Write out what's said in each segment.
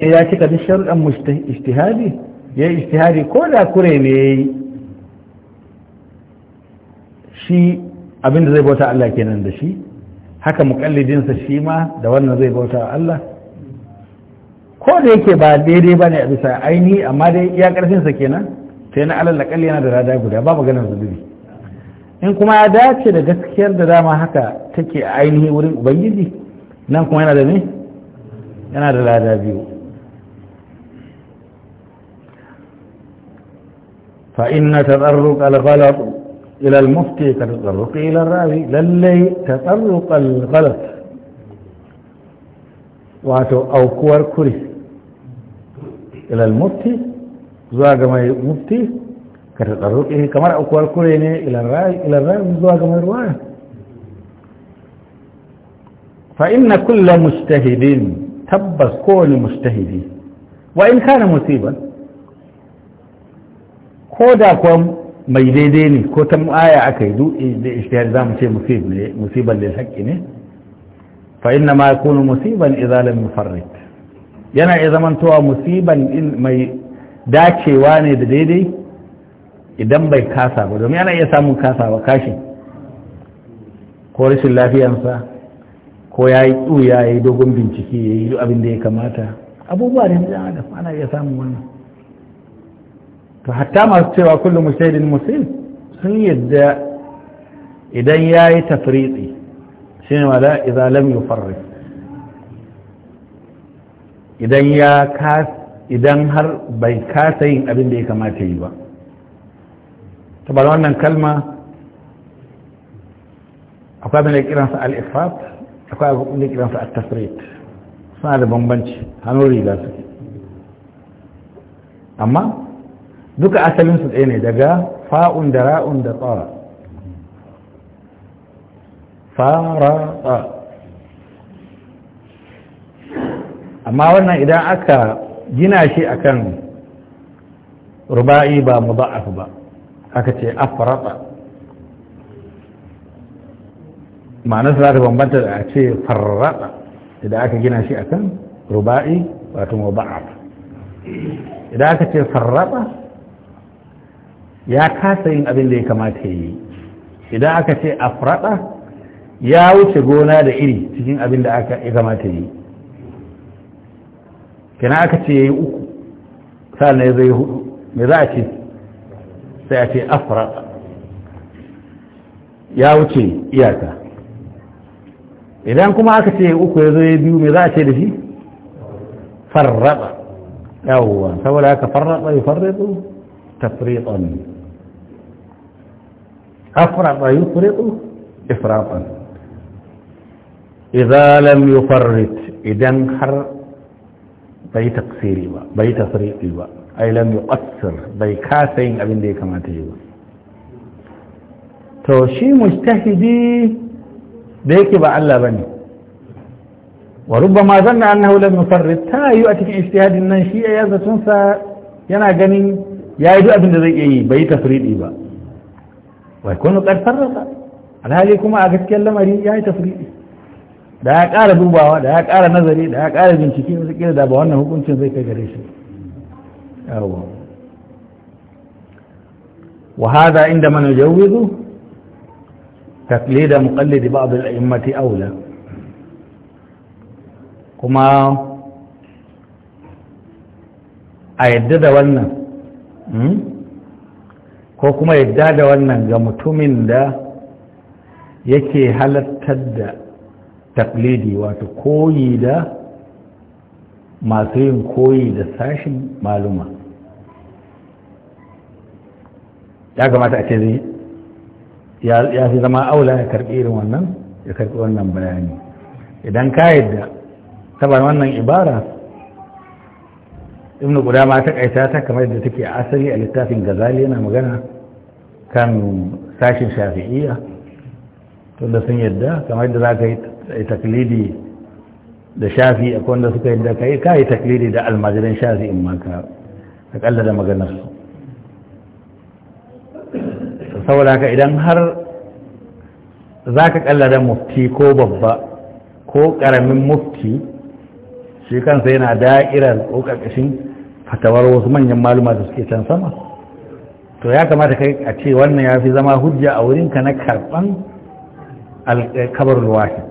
ya cika duk sharuɗan ijtihadi ya yi ijtihadi ko da kure ne ya yi shi abinda zai bauta Allah kenan da shi haka mukallidinsa shi ma da wannan zai bauta Allah ko da yake ba daidai ba ne a bisa ainihi amma dai iya ƙarfinsa kenan sai na alal laƙalli yana da rada guda ba maganar zubi in kuma ya dace da gaskiyar da dama haka take ainihi wurin ubangiji nan kuma yana da ne yana da lada biyu فإن تطرق الغلط إلى المفتي كتطرق إلى الراوي للي تطرق الغلط واتو أو كور كري إلى المفتي زواج ما مفتي إيه كما أو كور كري إلى الراوي إلى الراوي زواج ما رواية فإن كل مجتهد تبس كل مجتهد وإن كان مصيبا ko da kuwa mai daidai ne ko ta aya aka yi duk da ishtihar za mu ce musibar da haƙƙi ne fa inna ma kuna musiban idza lam yana iya towa musiban mai dacewa ne da daidai idan bai kasa ba domin yana iya samun kasa ba kashi ko rashin lafiyansa ko ya yi tsuya ya yi dogon bincike ya yi abin da ya kamata abubuwa ne da ana iya samun wannan فحتى ما تسوى كل مسيد مسيد سيد إذن ياي تفريطي شنو لا إذا لم يفرط إذن يا كاس إذن هر بين كاسين ابين بي كما تيوى تبالوانا الكلمة أقوى من الإكران سأل إخفاط أقوى من الإكران سأل التفريط سأل بمبنش هنوري لازم أما duka asalin su ɗaya ne daga fa'un da ra'un da tsara farata amma wannan idan aka gina shi akan ruba'i ba muda'af ba aka ce afrata ma'anarsa za ta bambanta da a ce farrata idan aka gina shi akan ruba'i wato muda'af idan aka ce farrata ya kasa yin abin da ya kamata ya yi idan aka ce a furaɗa, ya wuce gona da iri cikin abin da aka ya kamata ya yi kina aka ce ya yi uku sa'an ya zai hudu me za a ce sai a ce a furaɗa. ya wuce iyaka idan kuma aka ce uku ya zo ya biyu me za a ce da shi Farraɗa. yawon saboda aka farraɗa ya tafriɗa ne أفرط يفرط إفراطا إذا لم يفرط إذا حر بي تقصيري با بي تفريقي با أي لم يقصر بي كاسين أبن دي كما تجيب تو شي مجتهدي ديك با الله بني وربما ظن أنه لم يفرط تا يؤتي في اجتهاد النشيئة يزا تنسى ينا جنين يا يدو أبن دي بي تفريقي با wai kunu kar sarrafa alhali kuma a gaskiyar lamari ya yi tafriɗi da ya ƙara dubawa da ya ƙara nazari da ya ƙara bincike wasu kira da ba wannan hukuncin zai kai gare shi وهذا عندما نجوز تقليد مقلد بعض kuma a yadda da wannan. ko kuma yadda da wannan ga mutumin da yake halartar da taklidi wato koyi da masu yin koyi da sashin maluma ya kamata a ce ya fi zama aula ya karbi irin wannan ya karɓi wannan bayani idan ka yadda tabar wannan ibara ibn gudama ta kaita ta kamar da take asali a littafin gazali yana magana kan sashin shafi'iyya da sun yadda kamar da za ka yi taklidi da shafi a wanda suka yadda ka yi ka yi taklidi da almajirin shafi in ma ka akalla da maganar su saboda ka idan har za ka kallada mufti ko babba ko karamin mufti shi kansa yana da'irar ko ƙarƙashin fatawar wasu manyan maluma da suke can sama to ya kamata kai a ce wannan ya fi zama hujja a wurinka na karɓan alkabar eh, wahid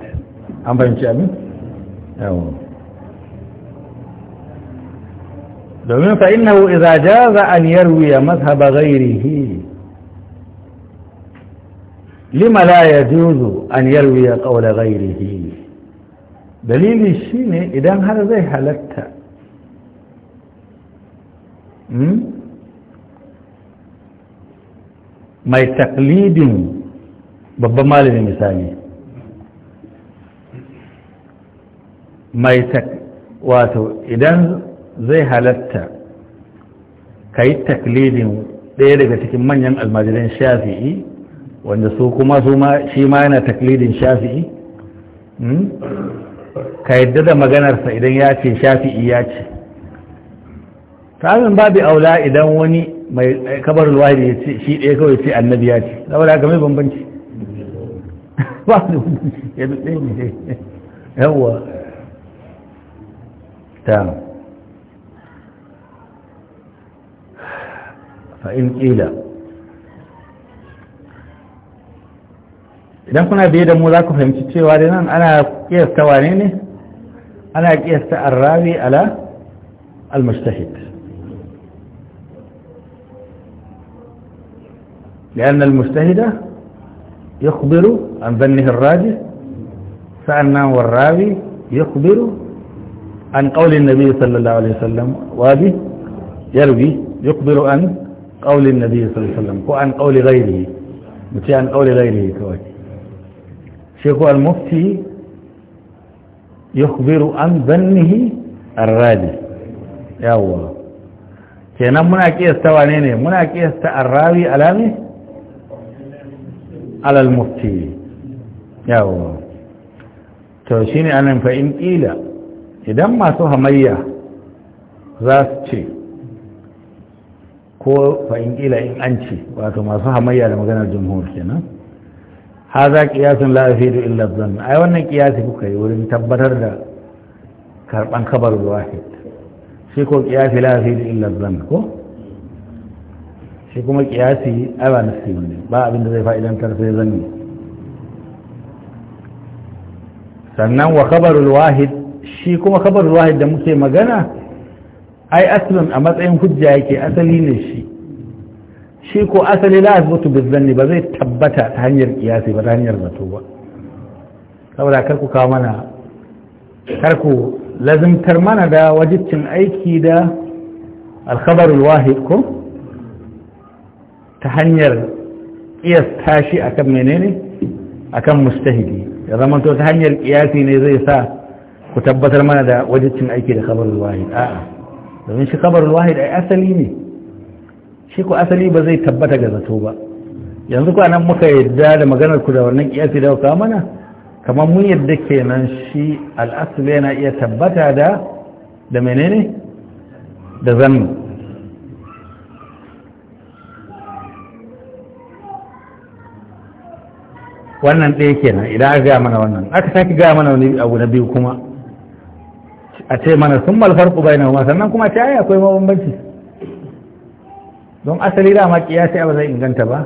an fahimci amin yawon domin fa innahu idza jaza an yarwiya mazhaba ghayrihi lima la juzu an yarwiya qawla ghayrihi dalili ne idan har zai halatta hmm? mai taklidin babban malamin misali mai wato idan zai halatta ka yi taklidin ɗaya daga cikin manyan almajiran shafi'i wanda su kuma su shi ma yana taklidin shafi'i hmm? ka yadda da maganarsa idan ya ce shafi'i ya ce tamin babu aula idan wani mai kabar da ya ce shi ɗaya kawai ce annabi ya ce saboda ga mai bambanci ba su bambanci ya duk ɗaya ne yawwa ta fa'in ƙila idan kuna biye da mu za ku fahimci cewa da nan ana kiyasta wane ne ana kiyasta arrawi ala al لأن المجتهد يخبر عن ظنه الراجح فأنا والراوي يخبر عن قول النبي صلى الله عليه وسلم وابي يروي يخبر عن قول النبي صلى الله عليه وسلم وعن قول غيره متي عن قول غيره كواكي شيخ المفتي يخبر عن ظنه الرادي يوا kenan muna kiyasta wane ne muna kiyasta arrawi alami alal mufti yawo to shine anan fa in kila idan masu hamayya za ce ko fa in kila in an wato masu hamayya da maganar jumhur kenan haza kiyasun la afidu illa dhann ai wannan kiyasi kuka yi wurin tabbatar da karban kabar wahid shi ko kiyasi la afidu illa dhann ko shi kuma kiyasi ai ba nasi ne ba abin da zai fa'idantar sai zanni sannan wa kabar wahid shi kuma kabar wahid da muke magana ai aslin a matsayin hujja yake asali ne shi shi ko asali la azbutu bizanni ba zai tabbata ta hanyar kiyasi ba ta hanyar zato ba saboda kar ku kawo mana kar ku lazimtar mana da wajibcin aiki da alkhabarul wahid ko ta hanyar kiyas tashi akan menene akan mustahidi ya zama ta hanyar kiyasi ne zai sa ku tabbatar mana da wajibcin aiki da khabarul wahid a'a domin shi khabarul wahid ai asali ne shi ko asali ba zai tabbata ga zato ba yanzu nan muka yadda da maganar ku da wannan kiyasi da kuka mana kamar mun yadda kenan shi al'asali yana iya tabbata da da menene da zannu wannan ɗaya kenan idan aka gaya mana wannan aka sake gaya mana wani abu na biyu kuma a ce mana sun malfar ku bai na sannan kuma ta yaya akwai mabambanci don asali dama kiyasi abu zai inganta ba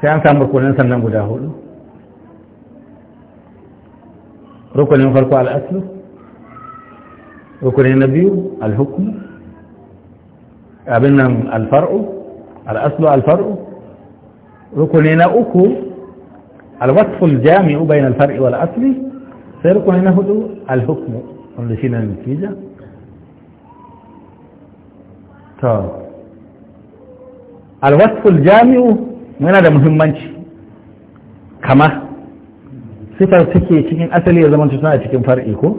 sai an samu rukunin sannan guda hudu rukunin farko al'aslu rukunin na biyu alhukumu abin nan alfar'u al'aslu alfar'u rukunin na uku alwatful jami'u bayan alfar'i wal asli sai rukunin na hudu alhukumu wanda shi na natija to alwasful jami'u yana da muhimmanci kama sifar suke cikin asali ya zamanci suna cikin far'i ko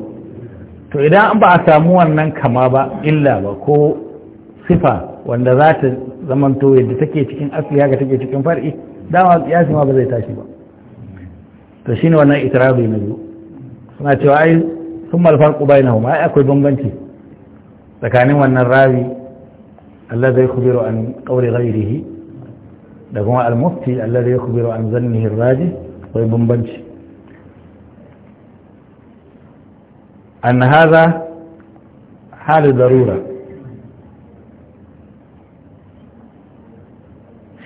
to idan an ba a samu wannan kama ba illa ba ko sifa wanda za ta zamanto yadda take cikin asali haka take cikin far'i dama kiyasi ma ba zai tashi ba to shine wannan itirazi na biyu suna cewa ai sun malfar ku na huma ai akwai bambanci tsakanin wannan Rabi. الذي يخبر عن قول غيره لقماء المفتي الذي يخبر عن ظنه الراجح وابن بنش أن هذا حال ضرورة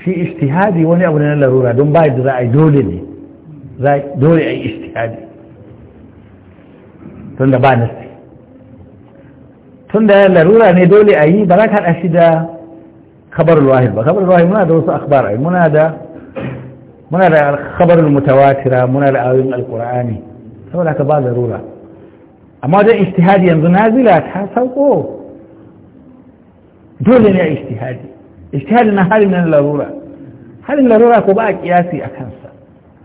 في اجتهادي وني أولينا الضرورة دون بايد رأي دولي رأي دولي اي اجتهادي فلن بانست tun da larura ne dole a yi ba za ka haɗa shi da khabarul wahid ba khabarul wahid muna da wasu akhbar ai muna da muna da khabarul mutawatira muna da ayoyin alqur'ani saboda ka ba larura amma wajen ijtihadi yanzu nazila ta sauko dole ne a ijtihadi ijtihadi na halin nan larura halin larura ko ba a kiyasi a kansa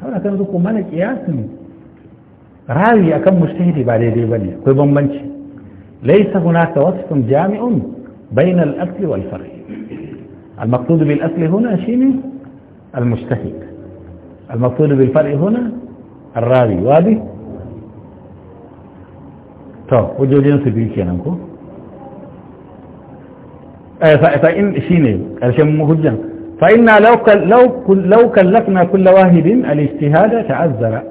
saboda kan zuku mana kiyasin rawi akan mujtahidi ba daidai bane akwai bambanci ليس هناك وصف جامع بين الأكل والفرع المقصود بالأكل هنا شيني المجتهد المقصود بالفرع هنا الراوي وادي طب وجوجين سبيل آه، فإن شيني الشم مهجا فإنا لو لو لو كلفنا كل واحد الاجتهاد تعذر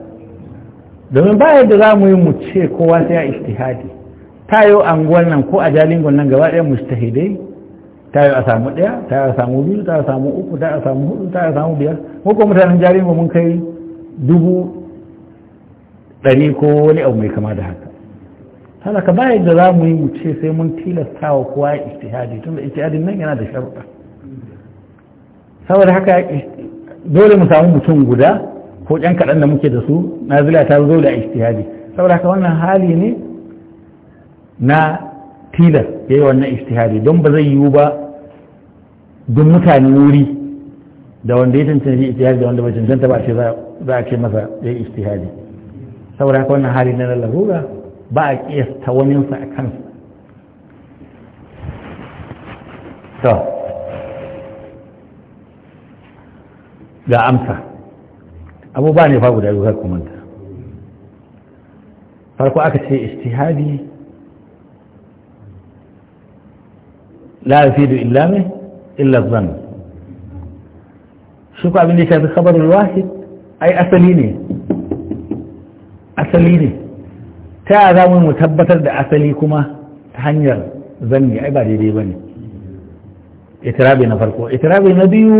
domin بعد da مو mu yi mu Ta tayo anguwan nan ko a jalingon nan gaba ɗaya mustahidai yi a samu ɗaya yi a samu biyu yi a samu uku yi a samu hudu yi a samu biyar ko kuma mutanen jalingon mun kai dubu ɗari ko wani abu mai kama da haka halaka bayan da za mu yi mu ce sai mun tilasta wa kowa ya istihadi tunda istihadin nan yana da sharuɗa saboda haka dole mu samu mutum guda ko ƴan kaɗan da muke da su nazila ta zo da ishtihadi saboda haka wannan hali ne na tilar ya yi wannan istihari don ba zai yiwu ba don mutane wuri da wanda ya cancanci istihari da wanda ba cancanta ba a ce za a ce masa ya yi istihari saboda haka wannan hali na lallarura ba a kiyasta waninsa a kansa to ga amsa abubuwa ne fa guda biyu kuma farko aka ce istihadi la yafidu illa me illa zan shi abin da ya shafi khabarul ai asali ne asali ne ta yaya tabbatar da asali kuma ta hanyar zanni ai ba daidai ba ne itirabi na farko itirabi na biyu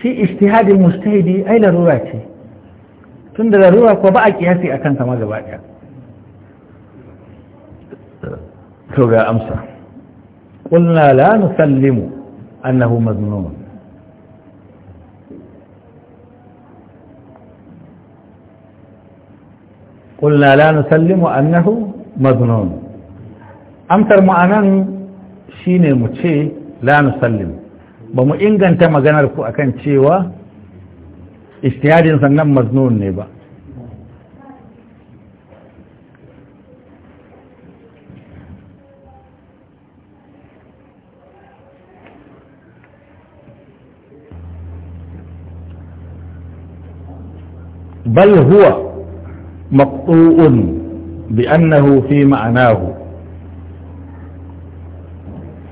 shi ijtihadin mustahidi ai larura ce tunda larura ko ba a kiyasi akan sama gaba ɗaya ga amsa قلنا لا نسلم أنه مذنون قلنا لا نسلم أنه amsar mu anan shine mu ce la nusallim ba mu inganta maganar ku akan cewa istihadin sannan maznun ne ba بل هو مقطوع بأنه في معناه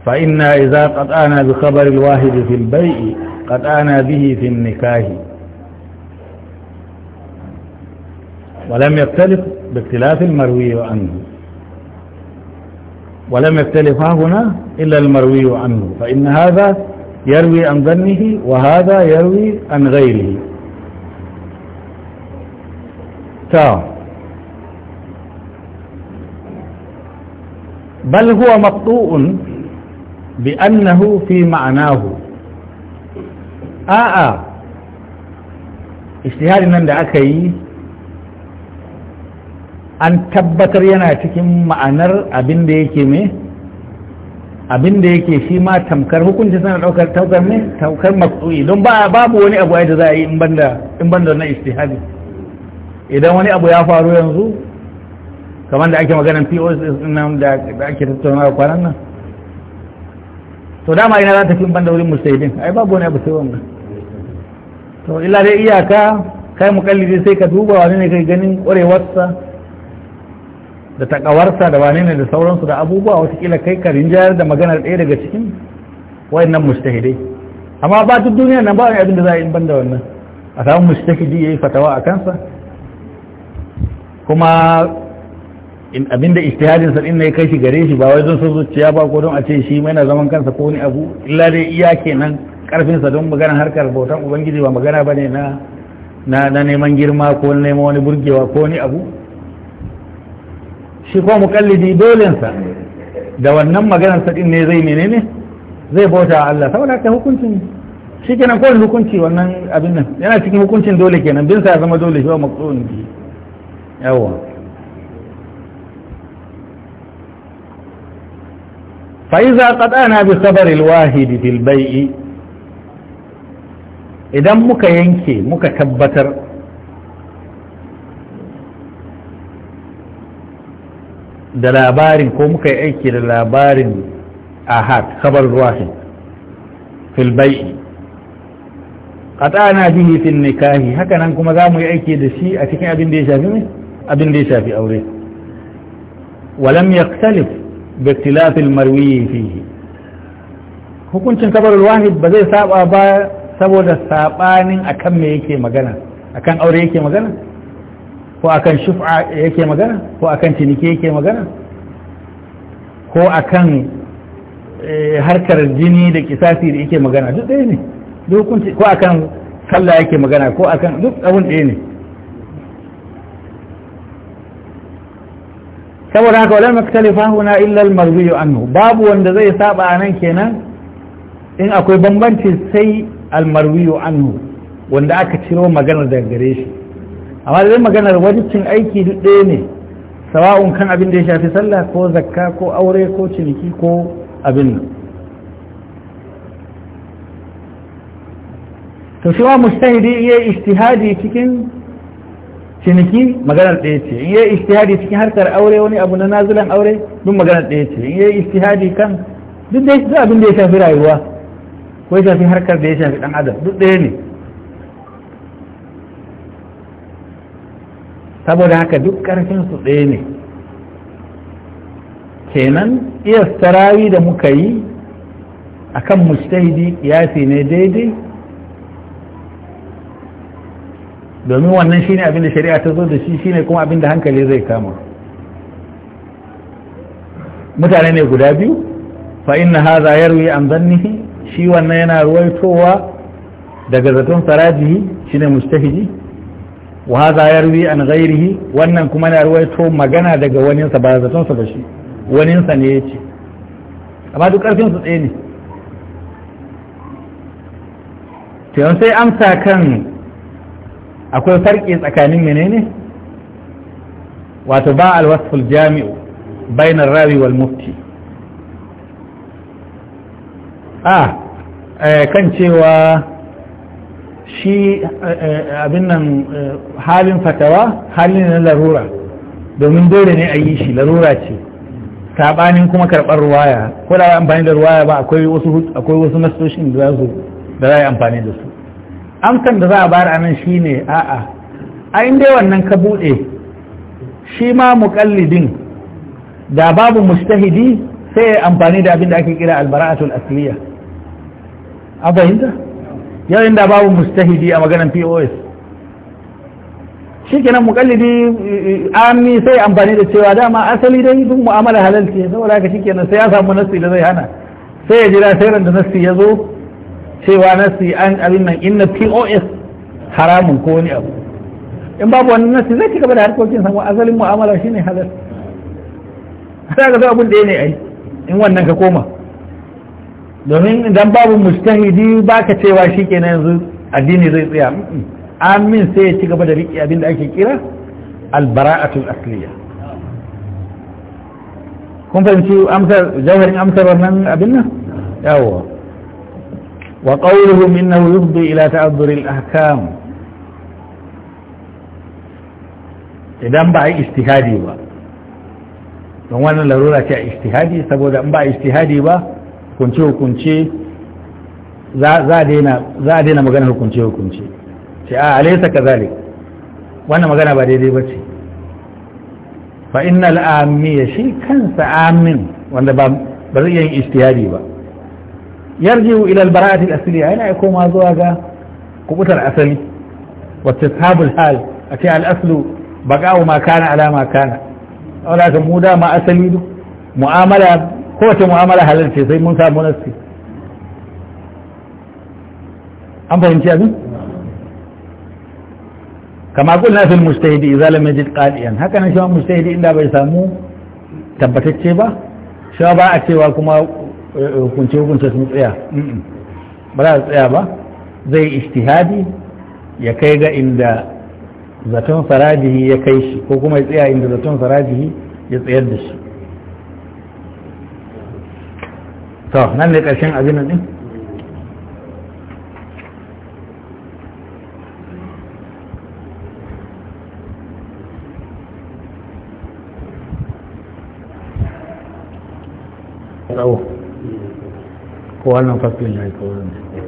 فإنا إذا قد آنا بخبر الواحد في البيع قد آنا به في النكاه ولم يختلف باختلاف المروي عنه ولم يختلف هنا إلا المروي عنه فإن هذا يروي عن ظنه وهذا يروي عن غيره ta bal huwa maqtu'un bi annahu fi ma'anahu a'a istihadin nan da aka yi an tabbatar yana cikin ma'anar abin da yake me abin da yake shi ma tamkar hukunci suna daukar taukar ne taukar maqtu'i don babu wani abu da za a yi in banda na istihadi idan wani abu ya faru yanzu kamar da ake maganin pos nan da ake tattauna kwanan nan to dama ina za ta fi banda wurin musaidin ai babu wani abu sai wannan to illa dai iyaka kai mukallidi sai ka duba wani ne kai ganin kwarewarsa da takawarsa da wani ne da sauransu da abubuwa watakila kai ka rinjayar da maganar ɗaya daga cikin nan mustahidai amma ba duk duniya nan ba wani abin da za a yi banda wannan a samu mustahidi ya yi fatawa a kansa kuma abinda istihadin sa din ne kai shi gare shi ba wai don son zuciya ba ko don a ce shi mai na zaman kansa ko wani abu illa dai iya kenan karfin sa don magana harkar bautan ubangiji ba magana bane na na na neman girma ko neman wani burgewa ko wani abu shi ko mukallidi dolen sa da wannan maganar sa din ne zai menene zai bauta Allah saboda ka hukuncin shi kenan ko hukunci wannan abin nan yana cikin hukuncin dole kenan bin sa ya zama dole shi ba maktsu'un yawon fa'iza ƙaɗana bi sabaril wahidi fil bai'i idan muka yanke muka tabbatar da labarin ko muka yi aiki da labarin ahad sabar wahid fil bai'i qata'na bihi fil nikahi haka nan kuma za mu yi aiki da shi a cikin abin da ya shafi mai abin da ya shafi aure walam yaktalif bi ikhtilaf al-marwi fihi hukuncin kabar wahid ba zai saba ba saboda sabanin akan me yake magana akan aure yake magana ko akan shuf'a yake magana ko akan cinike yake magana ko akan eh, harkar jini da kisasi da yake magana duk ɗaya ne ko akan sallah yake magana ko akan duk abun ɗaya ne saboda haka wala maktalifa huna illa al-marziyu babu wanda zai saba a nan kenan in akwai bambanci sai al-marwiyu wanda aka ciro maganar daga gare shi amma da maganar wajibcin aiki duk ɗaya ne sawa'un kan abin da ya shafi sallah ko zakka ko aure ko ciniki ko abin nan to shi wa mustahidi iya ijtihadi cikin ciniki maganar ɗaya ce in yayi ijtihadi cikin harkar aure wani abu na nazilan aure duk maganar ɗaya ce in yayi ijtihadi kan duk dai duk abin da ya shafi rayuwa ko ya shafi harkar da ya shafi dan adam duk ɗaya ne saboda haka duk ƙarfin su ɗaya ne kenan iya sarawi da muka yi akan mujtahidi kiyasi ne daidai domin wannan shine abin da shari'a ta zo da shi shine kuma abin da hankali zai kama mutane ne guda biyu fa haza ya yarwi an zanni shi wannan yana ruwaitowa daga zaton sarajihi ne mustahiji wa ya yarwi an zairi wannan kuma na ruwaito magana daga waninsa ba zaton sa ba shi waninsa ne ce amma duk karfin su tsaye ne sai amsa kan akwai farki tsakanin menene wato ba alwasful jami'u bainar rawi wal mufti a eh, kan cewa shi eh, eh, abin nan halin fatawa halin na larura domin dole ne a yi shi larura ce sabanin kuma karɓar ruwaya ko da amfani da ruwaya ba akwai wasu nasoshin da za su da za amfani da su amsan da za a bayar a nan shi ne a'a a inda wannan ka buɗe shi ma muƙallidin da babu mustahidi sai ya amfani da abin da ake kira albara'atul asliya a fahimta yau inda babu mustahidi a maganan pos shi kenan muƙallidi ami sai amfani da cewa dama asali dai duk mu'amala halal ce saboda haka shi kenan sai ya samu nasi da zai hana sai ya jira sai da nasi ya zo cewa nasi an abin nan inna POS haramun ko wani abu in babu wani nasi zai ci gaba da harkokin sa asalin mu'amala shine halal sai ga abin da ne ai in wannan ka koma domin idan babu mustahidi baka cewa shikenan yanzu addini zai tsaya amin sai ya ci gaba da riƙe abin da ake kira albara'atul asliya kun fahimci amsar jawharin amsar wannan abin nan yawo وقولهم إنه يفضي إلى تعذر الأحكام idan ba a yi istihadi ba don wannan larura ce a istihadi saboda in ba a istihadi ba hukunce-hukunce za a daina magana hukunce-hukunce ce a alaisa ka zalik wannan magana ba daidai ba ce fa innal ya shi kansa amin wanda ba zai yin istihadi ba yarji'u ila al-bara'ati al ya yana koma zuwa ga kubutar asali wacce sabul hal ake al'aslu, aslu baqa'u ma kana ala ma kana wala ga mu da asali duk mu'amala kowace mu'amala halal sai mun samu nasi an fahimci abin kama kulna fil mustahidi idza lam yajid qadiyan haka nan shi mustahidi inda bai samu tabbatacce ba shi ba a cewa kuma hukunce hukunce sun tsaya ba za tsaya ba zai istihadi ya kai ga inda zaton farajihi ya kai shi ko kuma ya tsaya inda zaton farajihi ya tsayar da shi to nan ne ƙarshen abin nan din kowa wannan faslin ya yi kawai